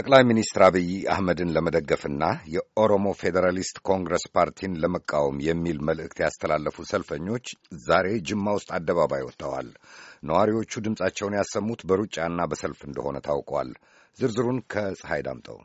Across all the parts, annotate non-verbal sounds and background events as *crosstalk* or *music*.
ጠቅላይ ሚኒስትር አብይ አህመድን ለመደገፍና የኦሮሞ ፌዴራሊስት ኮንግረስ ፓርቲን ለመቃወም የሚል መልእክት ያስተላለፉ ሰልፈኞች ዛሬ ጅማ ውስጥ አደባባይ ወጥተዋል። ነዋሪዎቹ ድምፃቸውን ያሰሙት በሩጫና በሰልፍ እንደሆነ ታውቋል። ዝርዝሩን ከፀሐይ ዳምጠው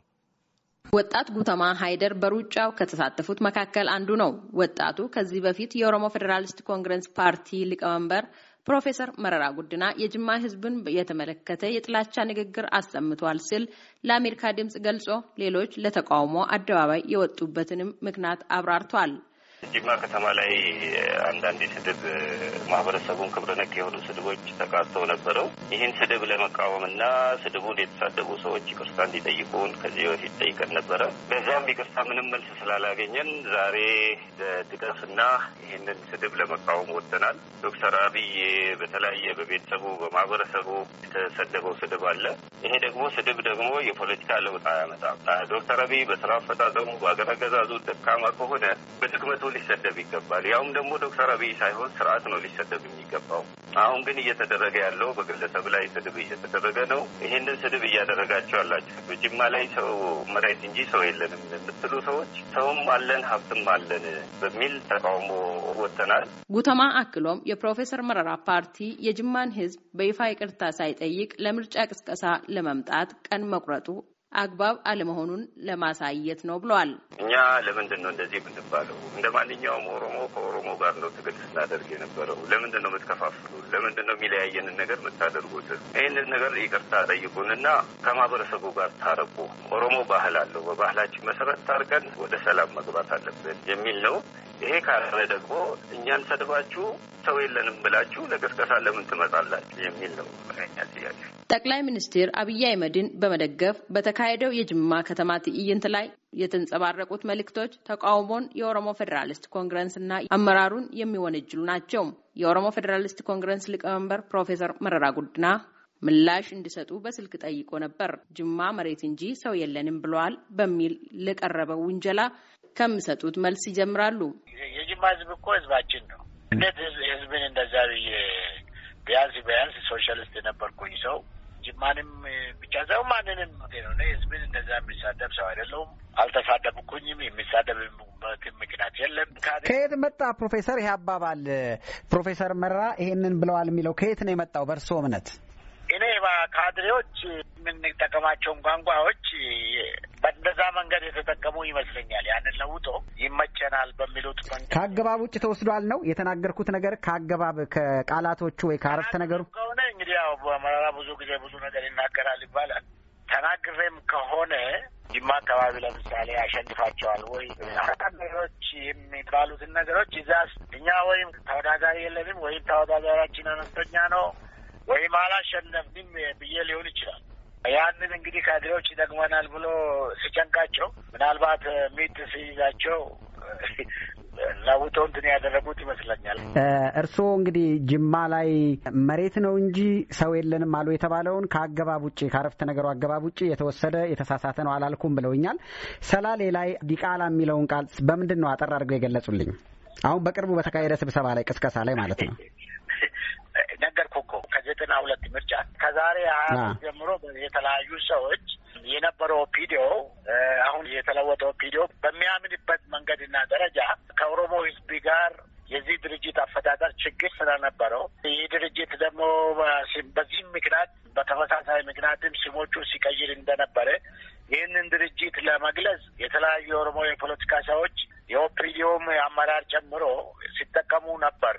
ወጣት ጉተማ ሃይደር በሩጫው ከተሳተፉት መካከል አንዱ ነው። ወጣቱ ከዚህ በፊት የኦሮሞ ፌዴራሊስት ኮንግረስ ፓርቲ ሊቀመንበር ፕሮፌሰር መረራ ጉድና የጅማ ህዝብን የተመለከተ የጥላቻ ንግግር አሰምቷል ሲል ለአሜሪካ ድምጽ ገልጾ ሌሎች ለተቃውሞ አደባባይ የወጡበትንም ምክንያት አብራርቷል። ጅማ ከተማ ላይ አንዳንድ የስድብ ማህበረሰቡን ክብረ ነክ የሆኑ ስድቦች ተካተው ነበረው። ይህን ስድብ ለመቃወምና ስድቡን የተሳደቡ ሰዎች ይቅርታ እንዲጠይቁን ከዚህ በፊት ጠይቀን ነበረ። በዛም ይቅርታ ምንም መልስ ስላላገኘን ዛሬ ድጋፍና ይህንን ስድብ ለመቃወም ወጥተናል። ዶክተር አብይ በተለያየ በቤተሰቡ በማህበረሰቡ የተሰደበው ስድብ አለ። ይሄ ደግሞ ስድብ ደግሞ የፖለቲካ ለውጥ አያመጣም። ዶክተር አብይ በስራ አፈጻጸሙ በአገር አገዛዙ ደካማ ከሆነ በድክመቱ ሊሰደብ ይገባል። ያውም ደግሞ ዶክተር አብይ ሳይሆን ስርዓት ነው ሊሰደብ የሚገባው። አሁን ግን እየተደረገ ያለው በግለሰብ ላይ ስድብ እየተደረገ ነው። ይህንን ስድብ እያደረጋቸው አላቸው። በጅማ ላይ ሰው መሬት እንጂ ሰው የለንም የምትሉ ሰዎች ሰውም አለን ሀብትም አለን በሚል ተቃውሞ ወጥተናል። ጉተማ አክሎም የፕሮፌሰር መረራ ፓርቲ የጅማን ህዝብ በይፋ ይቅርታ ሳይጠይቅ ለምርጫ ቅስቀሳ ለመምጣት ቀን መቁረጡ አግባብ አለመሆኑን ለማሳየት ነው ብለዋል። እኛ ለምንድን ነው እንደዚህ የምንባለው? እንደ ማንኛውም ኦሮሞ ከኦሮሞ ጋር ነው ትግል ስናደርግ የነበረው። ለምንድን ነው የምትከፋፍሉ? ለምንድን ነው የሚለያየንን ነገር የምታደርጉት? ይህንን ነገር ይቅርታ ጠይቁንና ከማህበረሰቡ ጋር ታረቁ። ኦሮሞ ባህል አለው። በባህላችን መሰረት ታርቀን ወደ ሰላም መግባት አለብን የሚል ነው። ይሄ ካለ ደግሞ እኛን ሰድባችሁ ሰው የለንም ብላችሁ ለቅስቀሳ ለምን ትመጣላችሁ የሚል ነው መለኛ ጥያቄ። ጠቅላይ ሚኒስትር አብይ አህመድን በመደገፍ በተካሄደው የጅማ ከተማ ትዕይንት ላይ የተንጸባረቁት መልእክቶች ተቃውሞን የኦሮሞ ፌዴራሊስት ኮንግረስና አመራሩን የሚወነጅሉ ናቸው። የኦሮሞ ፌዴራሊስት ኮንግረስ ሊቀመንበር ፕሮፌሰር መረራ ጉድና ምላሽ እንዲሰጡ በስልክ ጠይቆ ነበር። ጅማ መሬት እንጂ ሰው የለንም ብለዋል በሚል ለቀረበው ውንጀላ ከሚሰጡት መልስ ይጀምራሉ። የጅማ ህዝብ እኮ ህዝባችን ነው። እንዴት ህዝብን እንደዛ ብዬ ቢያንስ ቢያንስ ሶሻሊስት የነበርኩኝ ሰው ጅማንም ብቻ ሰው ማንንም ነው። ህዝብን እንደዛ የሚሳደብ ሰው አይደለውም። አልተሳደብኩኝም። የሚሳደብበት ምክንያት የለም። ከየት መጣ ፕሮፌሰር? ይሄ አባባል ፕሮፌሰር መራ ይሄንን ብለዋል የሚለው ከየት ነው የመጣው በእርስዎ እምነት? እኔ ካድሬዎች የምንጠቀማቸውን ቋንቋዎች በእንደዛ መንገድ የተጠቀሙ ይመስለኛል። ያንን ለውጦ ይመቸናል በሚሉት መንገድ ከአገባብ ውጭ ተወስዷል ነው የተናገርኩት ነገር ከአገባብ ከቃላቶቹ ወይ ከአረፍተ ነገሩ ከሆነ እንግዲህ ያው መረራ ብዙ ጊዜ ብዙ ነገር ይናገራል ይባላል። ተናግሬም ከሆነ ጅማ አካባቢ ለምሳሌ ያሸንፋቸዋል ወይ ነገሮች የሚባሉትን ነገሮች ይዛስ እኛ ወይም ተወዳዳሪ የለንም ወይም ተወዳዳሪያችን አነስተኛ ነው ወይም አላሸነፍንም ብዬ ሊሆን ይችላል። ያንን እንግዲህ ካድሬዎች ይጠቅመናል ብሎ ሲጨንቃቸው ምናልባት ሚት ሲይዛቸው ለውጦ እንትን ያደረጉት ይመስለኛል። እርስዎ እንግዲህ ጅማ ላይ መሬት ነው እንጂ ሰው የለንም አሉ የተባለውን ከአገባብ ውጭ ከአረፍተ ነገሩ አገባብ ውጭ የተወሰደ የተሳሳተ ነው አላልኩም ብለውኛል። ሰላሌ ላይ ዲቃላ የሚለውን ቃል በምንድን ነው አጠር አድርገው የገለጹልኝ? አሁን በቅርቡ በተካሄደ ስብሰባ ላይ ቅስቀሳ ላይ ማለት ነው *laughs* ዘጠና ሁለት ምርጫ ከዛሬ ሀያ ጀምሮ የተለያዩ ሰዎች የነበረው ፒዲዮ አሁን የተለወጠው ፒዲዮ በሚያምንበት መንገድና ደረጃ ከኦሮሞ ህዝብ ጋር የዚህ ድርጅት አፈጣጠር ችግር ስለነበረው ይህ ድርጅት ደግሞ በዚህም ምክንያት በተመሳሳይ ምክንያትም ስሞቹ ሲቀይር እንደነበረ ይህንን ድርጅት ለመግለጽ የተለያዩ የኦሮሞ የፖለቲካ ሰዎች የኦፒዲዮም አመራር ጨምሮ ሲጠቀሙ ነበር።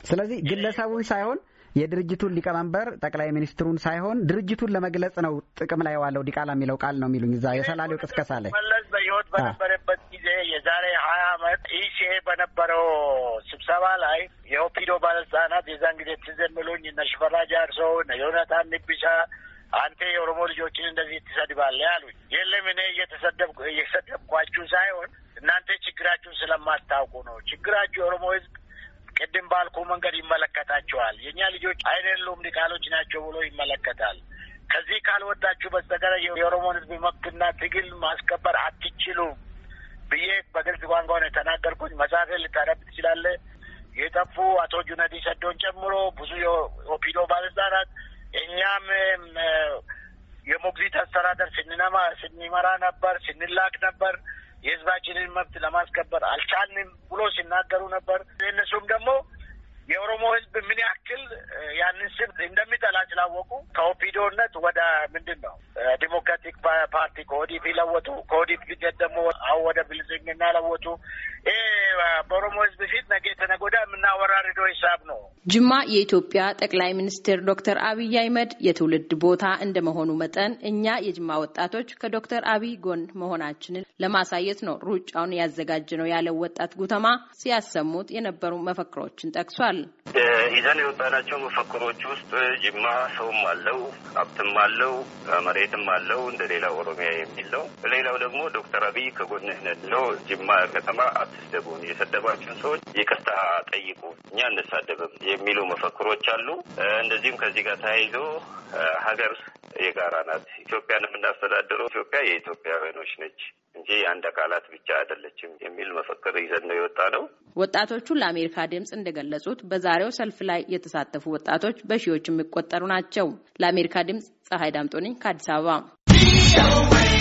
ነው። ስለዚህ ግለሰቡን ሳይሆን የድርጅቱን ሊቀመንበር ጠቅላይ ሚኒስትሩን ሳይሆን ድርጅቱን ለመግለጽ ነው ጥቅም ላይ ዋለው ዲቃላ የሚለው ቃል ነው የሚሉኝ። እዛ የሰላሌው ቅስቀሳ ላይ መለስ በህይወት በነበረበት ጊዜ የዛሬ ሀያ አመት ኢሲኤ በነበረው ስብሰባ ላይ የኦፒዶ ባለስልጣናት የዛን ጊዜ ትዝ የሚሉኝ እነ ሽፈራጅ አርሶ እነ ዮናታን ንብሻ አንተ የኦሮሞ ልጆችን እንደዚህ ትሰድባለ አሉኝ። የለም እኔ እየተሰደብኩ እየሰደብኳችሁ ሳይሆን እናንተ ችግራችሁን ስለማታውቁ ነው። ችግራችሁ የኦሮሞ ህዝብ ቅድም ባልኩ መንገድ ይመለከታቸዋል። የእኛ ልጆች አይደሉም ዲቃሎች ናቸው ብሎ ይመለከታል። ከዚህ ካልወጣችሁ በስተቀር የኦሮሞን ህዝብ መብትና ትግል ማስከበር አትችሉም ብዬ በግልጽ ቋንቋ ነው የተናገርኩኝ። መጽሐፌ ልታረብ ትችላለ። የጠፉ አቶ ጁነዲ ሰዶን ጨምሮ ብዙ የኦፒዶ ባለስልጣናት እኛም የሞግዚት አስተዳደር ስንነማ ስንመራ ነበር፣ ስንላክ ነበር። የህዝባችንን መብት ለማስከበር አልቻልንም ብሎ ሲናገሩ ነበር። እነሱም ደግሞ የኦሮሞ ህዝብ ምን ያክል ያንን ስም እንደሚጠላ ስላወቁ ከኦፒዶነት ወደ ምንድን ነው ዲሞክራቲክ ፓርቲ ከኦዲፒ ለወጡ። ከኦዲፒ ፊት ደግሞ አሁ ወደ ብልጽግና ለወጡ። ይህ በኦሮሞ ህዝብ ፊት ነገ የተነጎዳ የምናወራርዶ ሂሳብ ነው። ጅማ የኢትዮጵያ ጠቅላይ ሚኒስትር ዶክተር አብይ አህመድ የትውልድ ቦታ እንደመሆኑ መጠን እኛ የጅማ ወጣቶች ከዶክተር አብይ ጎን መሆናችንን ለማሳየት ነው ሩጫውን ያዘጋጀ ነው ያለው ወጣት ጉተማ ሲያሰሙት የነበሩ መፈክሮችን ጠቅሷል። ተናግረዋል። ይዘን የወጣናቸው መፈክሮች ውስጥ ጅማ ሰውም አለው፣ ሀብትም አለው፣ መሬትም አለው እንደ ሌላ ኦሮሚያ የሚል ነው። ሌላው ደግሞ ዶክተር አብይ ከጎንህ ነን ብሎ ጅማ ከተማ አትስደቡን፣ የሰደባችሁን ሰዎች ይቅርታ ጠይቁ፣ እኛ እንሳደብም የሚሉ መፈክሮች አሉ። እንደዚህም ከዚህ ጋር ተያይዞ ሀገር የጋራ ናት። ኢትዮጵያን የምናስተዳድረው ኢትዮጵያ የኢትዮጵያውያኖች ነች እንጂ የአንድ አካላት ብቻ አይደለችም የሚል መፈክር ይዘን ነው የወጣ ነው። ወጣቶቹ ለአሜሪካ ድምፅ እንደገለጹት በዛሬው ሰልፍ ላይ የተሳተፉ ወጣቶች በሺዎች የሚቆጠሩ ናቸው። ለአሜሪካ ድምፅ ፀሐይ ዳምጦ ነኝ ከአዲስ አበባ።